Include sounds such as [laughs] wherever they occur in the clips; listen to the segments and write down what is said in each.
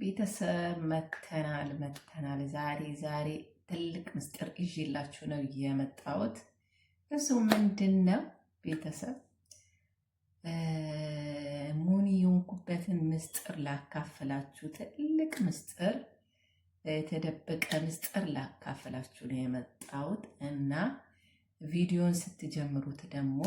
ቤተሰብ መተናል መተናል። ዛሬ ዛሬ ትልቅ ምስጢር ይዤላችሁ ነው የመጣሁት። እሱ ምንድን ነው ቤተሰብ? ሙኒ የሆንኩበትን ምስጢር ላካፍላችሁ፣ ትልቅ ምስጢር፣ የተደበቀ ምስጢር ላካፍላችሁ ነው የመጣሁት እና ቪዲዮን ስትጀምሩት ደግሞ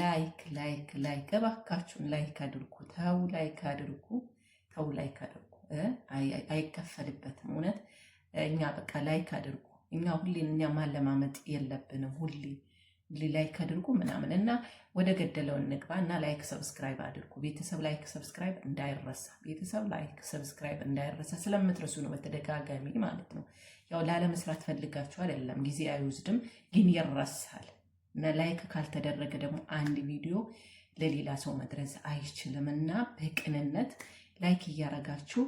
ላይክ ላይክ ላይክ እባካችሁን ላይክ አድርጉ። ተው ላይክ አድርጉ። ተው ላይክ አድርጉ። አይከፈልበትም። እውነት እኛ በቃ ላይክ አድርጉ። እኛ ሁሌ እኛ ማለማመጥ የለብንም። ሁሌ ላይክ አድርጉ ምናምን እና ወደ ገደለው እንግባ እና ላይክ ሰብስክራይብ አድርጉ። ቤተሰብ ላይክ ሰብስክራይብ እንዳይረሳ፣ ቤተሰብ ላይክ ሰብስክራይብ እንዳይረሳ። ስለምትረሱ ነው በተደጋጋሚ ማለት ነው። ያው ላለመስራት ፈልጋችሁ አይደለም፣ ጊዜ አይወስድም፣ ግን ይረሳል። እና ላይክ ካልተደረገ ደግሞ አንድ ቪዲዮ ለሌላ ሰው መድረስ አይችልም እና በቅንነት ላይክ እያረጋችሁ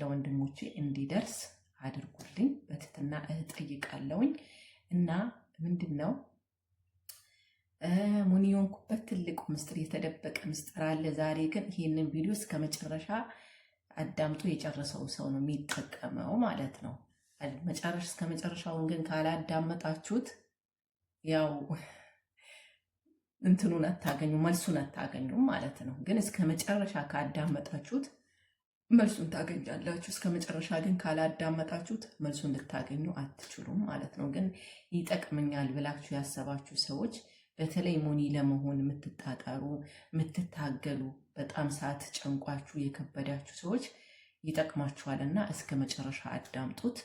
ለወንድሞቼ እንዲደርስ አድርጉልኝ በትህትና እጠይቃለሁኝ። እና ምንድን ነው ሙኒ የሆንኩበት ትልቁ ምስጢር፣ የተደበቀ ምስጢር አለ። ዛሬ ግን ይህንን ቪዲዮ እስከ መጨረሻ አዳምጦ የጨረሰው ሰው ነው የሚጠቀመው ማለት ነው። መጨረሻ እስከ መጨረሻውን ግን ካላዳመጣችሁት ያው እንትኑን አታገኙ፣ መልሱን አታገኙም ማለት ነው። ግን እስከ መጨረሻ ካዳመጣችሁት መልሱን ታገኛላችሁ። እስከ መጨረሻ ግን ካላዳመጣችሁት መልሱን ልታገኙ አትችሉም ማለት ነው። ግን ይጠቅመኛል ብላችሁ ያሰባችሁ ሰዎች በተለይ ሞኒ ለመሆን የምትጣጠሩ የምትታገሉ፣ በጣም ሰዓት ጨንቋችሁ የከበዳችሁ ሰዎች ይጠቅማችኋል እና እስከ መጨረሻ አዳምጡት።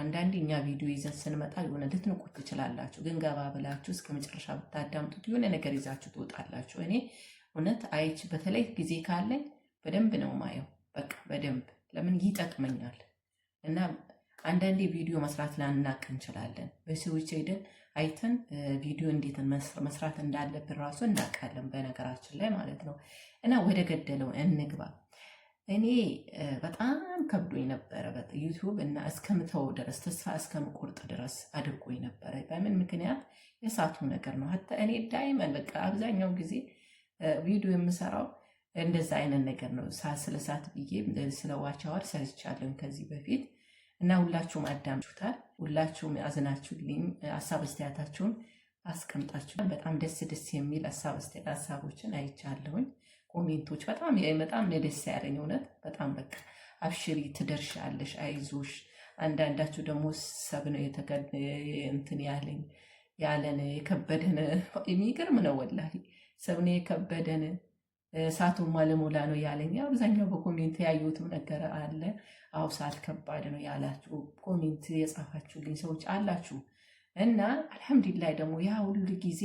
አንዳንዴ እኛ ቪዲዮ ይዘን ስንመጣ የሆነ ልትንቁት ትችላላችሁ። ግን ገባ ብላችሁ እስከ መጨረሻ ብታዳምጡት የሆነ ነገር ይዛችሁ ትወጣላችሁ። እኔ እውነት አይች በተለይ ጊዜ ካለኝ በደንብ ነው ማየው። በቃ በደንብ ለምን ይጠቅመኛል። እና አንዳንዴ ቪዲዮ መስራት ላናቅ እንችላለን። በሰዎች ሄደን አይተን ቪዲዮ እንዴት መስራት እንዳለብን ራሱ እናውቃለን፣ በነገራችን ላይ ማለት ነው። እና ወደ ገደለው እንግባ። እኔ በጣም ከብዶኝ ነበረ ዩቱብ እና እስከምተው ድረስ ተስፋ እስከምቆርጥ ድረስ አድርጎኝ ነበረ። በምን ምክንያት የሳቱ ነገር ነው። እኔ ዳይመን በቃ አብዛኛው ጊዜ ቪዲዮ የምሰራው እንደዛ አይነት ነገር ነው። ስለ እሳት ብዬ ስለ ዋቻዋር ሰርቻለሁ ከዚህ በፊት እና ሁላችሁም አዳምጩታል። ሁላችሁም አዝናችሁልኝ ሀሳብ አስተያየታችሁን አስቀምጣችኋል። በጣም ደስ ደስ የሚል ሀሳቦችን አይቻለሁኝ። ኮሜንቶች በጣም በጣም ደስ ያለኝ እውነት በጣም በቃ አብሽሪ ትደርሻለሽ፣ አይዞሽ። አንዳንዳችሁ ደግሞ ሰብ ነው እንትን ያለኝ ያለን የከበደን የሚገርም ነው ወላሂ ሰብ ነው የከበደን እሳቱማ ለሞላ ነው ያለኝ። አብዛኛው በኮሜንት ያየሁትም ነገር አለ። አው ሰዓት ከባድ ነው ያላችሁ ኮሜንት የጻፋችሁልኝ ሰዎች አላችሁ እና አልሐምዱሊላህ ደግሞ ያ ሁሉ ጊዜ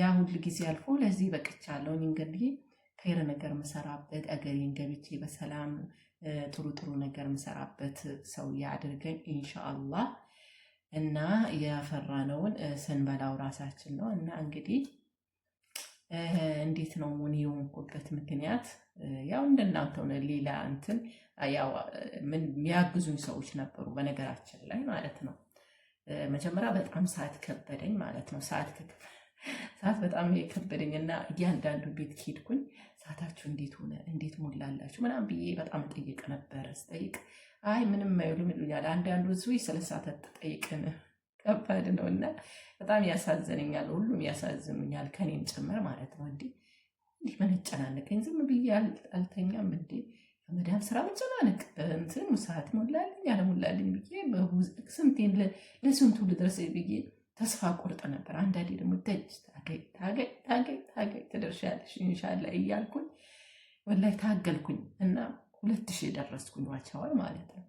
ያ ሁሉ ጊዜ አልፎ ለዚህ በቅቻለሁ። እንግዲህ ከይረ ነገር መሰራበት አገሬን ገብቼ በሰላም ጥሩ ጥሩ ነገር መሰራበት ሰው ያድርገኝ ኢንሻአላህ። እና ያፈራነውን ስንበላው ራሳችን ነው እና እንግዲህ እንዴት ነው ምን የሆንኩበት ምክንያት ያው እንደናንተ ሆነ ሌላ እንትን ምን የሚያግዙኝ ሰዎች ነበሩ፣ በነገራችን ላይ ማለት ነው። መጀመሪያ በጣም ሰዓት ከበደኝ ማለት ነው። ሰዓት ሰዓት በጣም የከበደኝ እና እያንዳንዱ ቤት ሄድኩኝ ሰዓታችሁ እንዴት ሆነ እንዴት ሞላላችሁ ምናም ብዬ በጣም ጠይቅ ነበር። ስጠይቅ አይ ምንም አይሉም ይሉኛል። አንዳንዱ ስዊ ስለ ሰዓት አትጠይቅም ከባድ ነው እና በጣም ያሳዝንኛል። ሁሉም ያሳዝኑኛል፣ ከኔም ጭምር ማለት ነው። እንዲህ እንዲህ መነጨናነቀኝ ዝም ብዬ አልተኛም። እንዴ? በመዳን ስራ መጨናነቅ እንትን ሰዓት ሞላልኝ አለሞላልኝ ብዬ ስንቴን ለስንቱ ልድረስ ብዬ ተስፋ ቆርጠ ነበር። አንዳንዴ ደግሞ ደጅ ታገኝ ታገኝ ታገኝ ታገኝ ትደርሻለሽ ኢንሻላህ እያልኩኝ ወላይ ታገልኩኝ እና ሁለት ሺህ ደረስኩኝ ዋቸዋል ማለት ነው።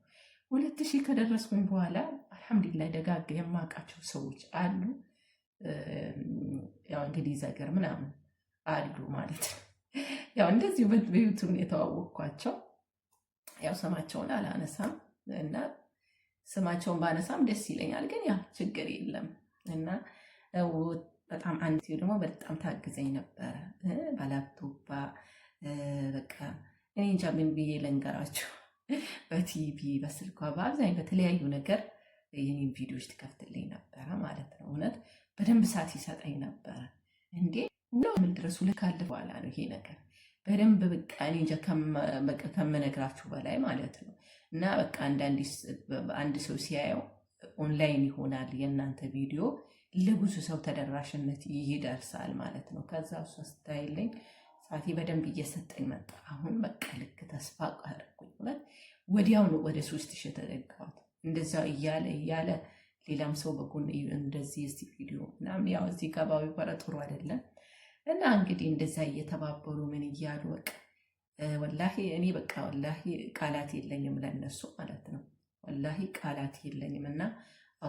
ሁለት ሺህ ከደረስኩኝ በኋላ አልሐምዱሊላህ ደጋግ የማውቃቸው ሰዎች አሉ። ያው እንግዲህ ዘገር ምናምን አሉ ማለት ነው። ያው እንደዚሁ በዩቱብ የተዋወቅኳቸው ያው ስማቸውን አላነሳም እና ስማቸውን ባነሳም ደስ ይለኛል። ግን ያ ችግር የለም እና በጣም አንድ ሲሆ ደግሞ በጣም ታግዘኝ ነበረ ባላፕቶፓ በቃ እኔ እንጃ ምን ብዬ በቲቪ በስልኳ በአብዛኛው በተለያዩ ነገር የኔን ቪዲዮዎች ትከፍትልኝ ነበረ ማለት ነው። እውነት በደንብ ሰዓት ይሰጠኝ ነበረ። እንዴ ምን ድረስ ሁለት ካለ በኋላ ነው ይሄ ነገር በደንብ በቃ እኔ እንጃ ከምነግራችሁ በላይ ማለት ነው። እና በቃ አንድ ሰው ሲያየው ኦንላይን ይሆናል የእናንተ ቪዲዮ ለብዙ ሰው ተደራሽነት ይደርሳል ማለት ነው። ከዛ እሷ ስታይለኝ ሰዓቴ በደንብ እየሰጠኝ መጣ። አሁን በቃ ልክ ተስፋ ወዲያው ነው ወደ ሶስት ሺህ ተጠጋሁት። እንደዛ እያለ እያለ ሌላም ሰው በጎን እንደዚህ እዚ ቪዲዮ ምናምን ያው እዚህ ከባቢ በኋላ ጥሩ አይደለም እና እንግዲህ እንደዛ እየተባበሩ ምን እያሉ በቃ ወላሂ እኔ በቃ ወላሂ ቃላት የለኝም ለእነሱ ማለት ነው። ወላሂ ቃላት የለኝም እና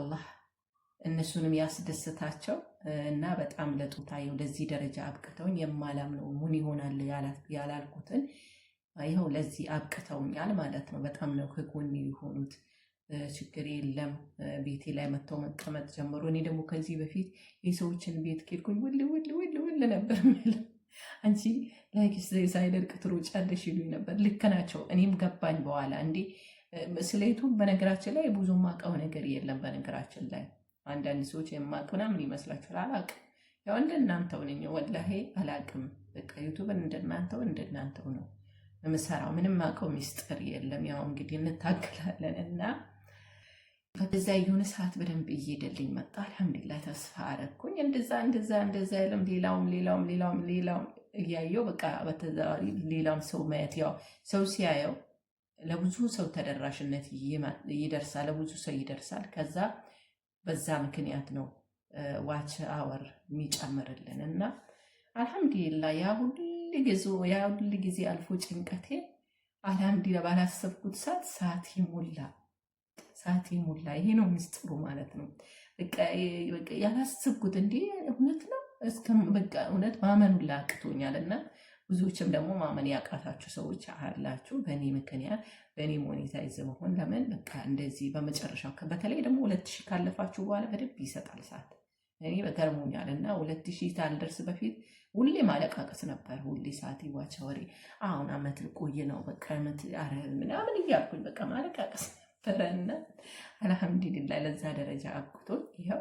አላህ እነሱንም ያስደስታቸው እና በጣም ለጡታ ለዚህ ደረጃ አብቅተውን የማላምነው ምን ይሆናል ያላልኩትን ይኸው ለዚህ አብቅተውኛል ማለት ነው። በጣም ነው ከጎኔ የሆኑት። ችግር የለም ቤቴ ላይ መጥተው መቀመጥ ጀመሩ። እኔ ደግሞ ከዚህ በፊት የሰዎችን ቤት ከሄድኩኝ ውል ውል ውል ውል ነበር የሚለው አንቺ ላይክ ሳይደርቅ ትሮጫለሽ ይሉኝ ነበር። ልክ ናቸው። እኔም ገባኝ በኋላ እንዴ። ስለ በነገራችን ላይ ብዙ ማቀው ነገር የለም። በነገራችን ላይ አንዳንድ ሰዎች የማቅ ምናምን ይመስላችኋል። አላቅም። ያው እንደናንተው ነኝ። ወላሄ አላቅም። በቃ ዩቱብን እንደናንተው እንደናንተው ነው የምሰራው። ምንም አቀው ሚስጥር የለም። ያው እንግዲህ እንታገላለን እና ከዛ የሆነ ሰዓት በደንብ እየሄደልኝ መጣ። አልሐምዱላ ተስፋ አረግኩኝ። እንደዛ እንደዛ እንደዛ ያለም ሌላውም ሌላውም ሌላውም ሌላውም እያየው በቃ በተዘዋዋሪ ሌላም ሰው ማየት ያው ሰው ሲያየው ለብዙ ሰው ተደራሽነት ይደርሳል፣ ለብዙ ሰው ይደርሳል። ከዛ በዛ ምክንያት ነው ዋች አወር የሚጨምርልን እና አልሐምዱሊላ ያ ሁል ጊዜ አልፎ ጭንቀቴ አልሐምዱላ ባላሰብኩት ሰዓት ሰዓት ይሞላል። ሳቴ ሙላ። ይሄ ነው ምስጢሩ ማለት ነው። በቃ ያላስብኩት እንዴ እውነት ነው በቃ እውነት ማመኑ ላቅቶኛል። እና ብዙዎችም ደግሞ ማመን ያቃታችሁ ሰዎች አላችሁ። በእኔ ምክንያት በእኔ ሞኔታይዝ መሆን ለምን በቃ እንደዚህ በመጨረሻው በተለይ ደግሞ ሁለት ሺህ ካለፋችሁ በኋላ በደንብ ይሰጣል ሰዓት እኔ በገርሞኛል እና ሁለት ሺህ ሳልደርስ በፊት ሁሌ ማለቃቀስ ነበር። ሁሌ ሰዓት ይዋቸ ወሬ አሁን አመት ልቆይ ነው በቃ አመት ምናምን እያልኩኝ በቃ ማለቃቀስ ነበረና አልሐምዱሊላ ለዛ ደረጃ አብቅቶ ይኸው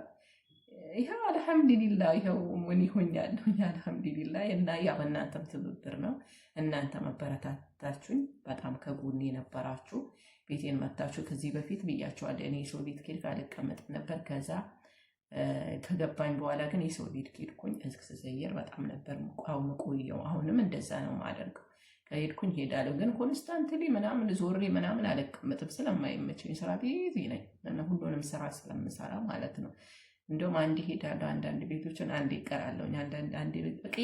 ይኸው አልሐምዱሊላ ይኸው ምን ይሆኛለሁኝ [laughs] አልሐምዱሊላ እና ያው እናንተም ትብብር ነው። እናንተ መበረታታችሁኝ በጣም ከጎኔ የነበራችሁ ቤቴን መታችሁ። ከዚህ በፊት ብያችኋለሁ፣ እኔ የሰው ቤት ኬድክ አልቀመጥም ነበር። ከዛ ከገባኝ በኋላ ግን የሰው ቤት ኬድኩኝ። እዝክ በጣም ነበር ምቋው ምቆየው። አሁንም እንደዛ ነው ማደርገው ሄድኩኝ ሄዳለሁ፣ ግን ኮንስታንትሊ ምናምን ዞሬ ምናምን አልቀመጥም ስለማይመቸኝ ስራ ቢዚ ነኝ እና ሁሉንም ስራ ስለምሰራ ማለት ነው። እንደውም አንድ ሄዳለሁ፣ አንዳንድ ቤቶችን አንድ ይቀራለሁ፣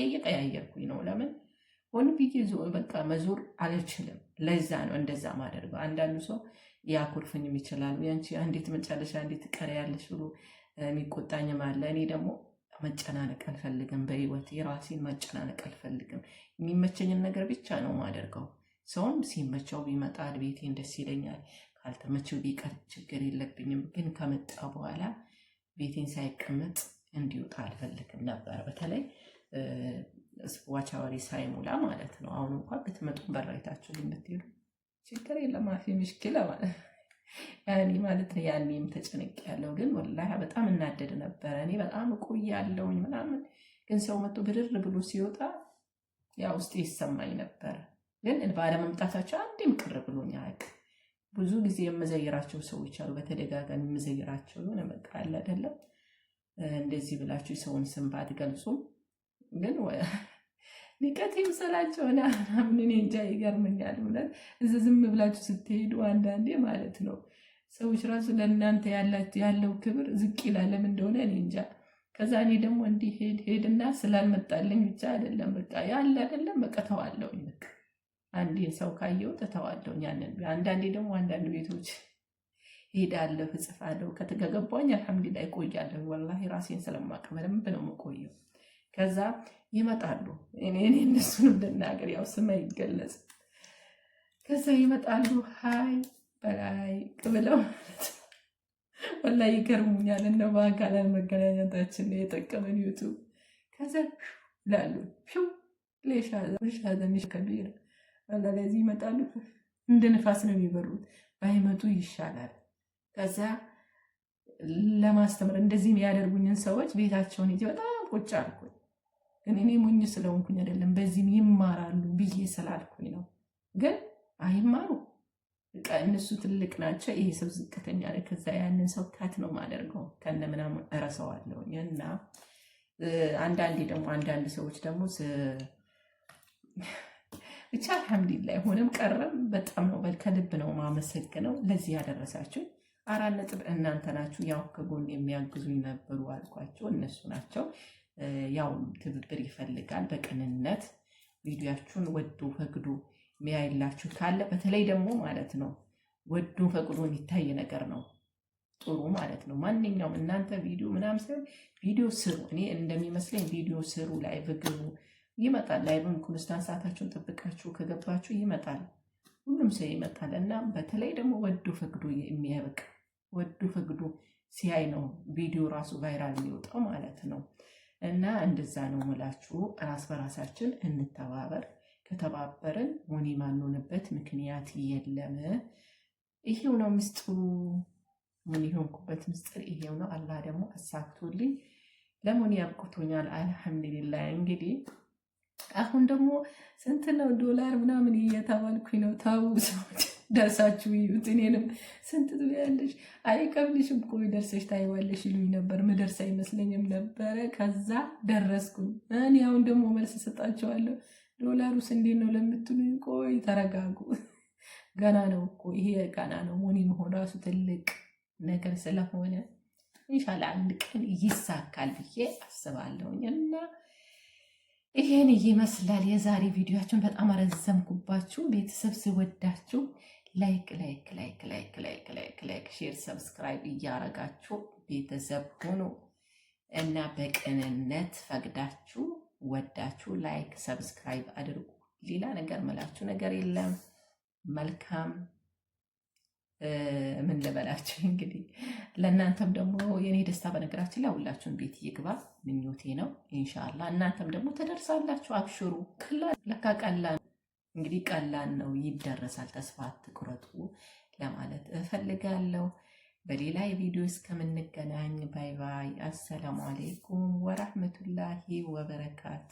እየቀያየርኩኝ ነው። ለምን ሆን ብዬ በቃ መዞር አልችልም። ለዛ ነው እንደዛ ማደርገው። አንዳንዱ ሰው ያኮርፍኝም ይችላሉ። ያንቺ አንዴት መጨረሻ እንዴት ቀሪ ብሎ የሚቆጣኝም አለ። እኔ ደግሞ መጨናነቅ አልፈልግም። በህይወት የራሴን መጨናነቅ አልፈልግም። የሚመቸኝን ነገር ብቻ ነው ማደርገው። ሰውም ሲመቸው ቢመጣል ቤቴን ደስ ይለኛል። ካልተመቸው ቢቀር ችግር የለብኝም። ግን ከመጣ በኋላ ቤቴን ሳይቀመጥ እንዲወጣ አልፈልግም ነበር። በተለይ ዋቻዋሪ ሳይሞላ ማለት ነው። አሁን እንኳን ብትመጡ በራይታችሁ ልምትሄዱ ችግር የለም አፊ ምሽኪል ማለት ያኔ ማለት ነው። ያኔም ተጨንቅ ያለው ግን ወላ በጣም እናደድ ነበረ። እኔ በጣም እቆያለሁኝ ምናምን፣ ግን ሰው መጥቶ ብድር ብሎ ሲወጣ ያ ውስጤ ይሰማኝ ነበረ። ግን ባለመምጣታቸው አንዴም ቅር ብሎኝ አያውቅም። ብዙ ጊዜ የምዘይራቸው ሰዎች አሉ፣ በተደጋጋሚ የምዘይራቸው የሆነ በቃ አለ አይደለም እንደዚህ ብላችሁ ሰውን ስም ባትገልጹም ግን ንቀት ይምሰላቸው ምናምን እኔ እንጃ ይገርመኛል። እውነት እዚ ዝም ብላችሁ ስትሄዱ አንዳንዴ ማለት ነው ሰዎች ራሱ ለእናንተ ያለው ክብር ዝቅ ይላል። ለምን እንደሆነ እኔ እንጃ። ከዛ እኔ ደግሞ እንዲህ ሄድ ሄድና ስላልመጣለኝ ብቻ አይደለም በቃ ያለ አይደለም በቃ ተዋለውኝ። በቃ አንዴ ሰው ካየው ተተዋለውኝ። ያንን አንዳንዴ ደግሞ አንዳንድ ቤቶች ሄዳለሁ እጽፋለሁ። ከተገገባኝ አልሐምዱሊላህ ይቆያለሁ። ወላሂ ራሴን ስለማቅ በደንብ ነው የምቆየው። ከዛ ይመጣሉ። እኔ እነሱንም እንድናገር ያው ስም አይገለጽም። ከዛ ይመጣሉ ሀይ በላይ ብለው ወላሂ ይገርሙኛል። እነ በአካላል መገናኘታችን የጠቀመን ዩቱብ። ከዛ ላሉ ሌሻዘሚከቢር ወላ ለዚህ ይመጣሉ። እንደ ንፋስ ነው የሚበሩት። ባይመጡ ይሻላል። ከዛ ለማስተምር እንደዚህ የሚያደርጉኝን ሰዎች ቤታቸውን ይዤ በጣም ቁጭ አልኩኝ። እኔ ሞኝ ስለሆንኩኝ አይደለም፣ በዚህም ይማራሉ ብዬ ስላልኩኝ ነው። ግን አይማሩ በቃ እነሱ ትልቅ ናቸው፣ ይሄ ሰው ዝቅተኛ ላይ ከዛ ያንን ሰው ካት ነው ማደርገው ከነ ምናምን እረሳዋለሁኝ። እና አንዳንዴ ደግሞ አንዳንድ ሰዎች ደግሞ ብቻ አልሐምዱሊላህ ሆነም ቀረም በጣም ነው ከልብ ነው ማመሰግነው ለዚህ ያደረሳችሁ አራት ነጥብ እናንተ ናችሁ። ያው ከጎን የሚያግዙኝ ነበሩ አልኳቸው፣ እነሱ ናቸው። ያው ትብብር ይፈልጋል። በቅንነት ቪዲዮያችሁን ወዶ ፈቅዶ የሚያይላችሁ ካለ በተለይ ደግሞ ማለት ነው ወዶ ፈቅዶ የሚታይ ነገር ነው ጥሩ ማለት ነው። ማንኛውም እናንተ ቪዲዮ ምናምን ሳይሆን ቪዲዮ ስሩ። እኔ እንደሚመስለኝ ቪዲዮ ስሩ፣ ላይቭ ግቡ፣ ይመጣል። ላይቭን ሰዓታችሁን ጠብቃችሁ ከገባችሁ ይመጣል፣ ሁሉም ሰው ይመጣል። እና በተለይ ደግሞ ወዶ ፈቅዶ የሚያበቅ ወዶ ፈቅዶ ሲያይ ነው ቪዲዮ ራሱ ቫይራል የሚወጣው ማለት ነው። እና እንደዛ ነው ምላችሁ። ራስ በራሳችን እንተባበር። ከተባበርን ሞኒ ማንሆንበት ምክንያት የለም። ይሄው ነው ምስጡ። ሞኒ የሆንኩበት ምስጢር ይሄው ነው። አላህ ደግሞ አሳክቶልኝ ለሞኒ ያብቅቶኛል። አልሐምዱሊላ እንግዲህ አሁን ደግሞ ስንት ነው ዶላር ምናምን እየተባልኩኝ ነው ታቡ ሰዎች ደርሳችሁ ይዩት። እኔንም ስንት ያለሽ አይከብልሽም እኮ ደርሰሽ ታይዋለሽ ይሉኝ ነበር። መደርስ አይመስለኝም ነበረ። ከዛ ደረስኩኝ። እኔ አሁን ደግሞ መልስ ሰጣቸዋለሁ። ዶላሩስ እንዴት ነው ለምትሉኝ፣ ቆይ ተረጋጉ። [laughs] ገና ነው እኮ ይሄ ገና ነው። ሞኒ መሆን ራሱ ትልቅ ነገር ስለሆነ ኢንሻላ አንድ ቀን ይሳካል ብዬ አስባለሁኝ እና ይሄን ይመስላል የዛሬ ቪዲዮችን። በጣም አረዘምኩባችሁ ቤተሰብ ሲወዳችሁ ላይክ ላይክ ላይክ ላይክ ላይክ ላይክ ላይክ ሼር ሰብስክራይብ እያረጋችሁ ቤተሰብ ሁኑ እና በቅንነት ፈቅዳችሁ ወዳችሁ ላይክ ሰብስክራይብ አድርጉ። ሌላ ነገር ምላችሁ ነገር የለም። መልካም ምን ልበላችሁ [laughs] እንግዲህ ለእናንተም ደግሞ የእኔ ደስታ በነገራችን ላይ ሁላችሁም ቤት ይግባ ምኞቴ ነው። ኢንሻላ እናንተም ደግሞ ተደርሳላችሁ። አብሽሩ። ለካ ቀላል እንግዲህ ቀላል ነው፣ ይደረሳል። ተስፋ አትቁረጡ ለማለት እፈልጋለሁ። በሌላ የቪዲዮ እስከምንገናኝ ባይ ባይ። አሰላሙ አሌይኩም ወራህመቱላሂ ወበረካቱ።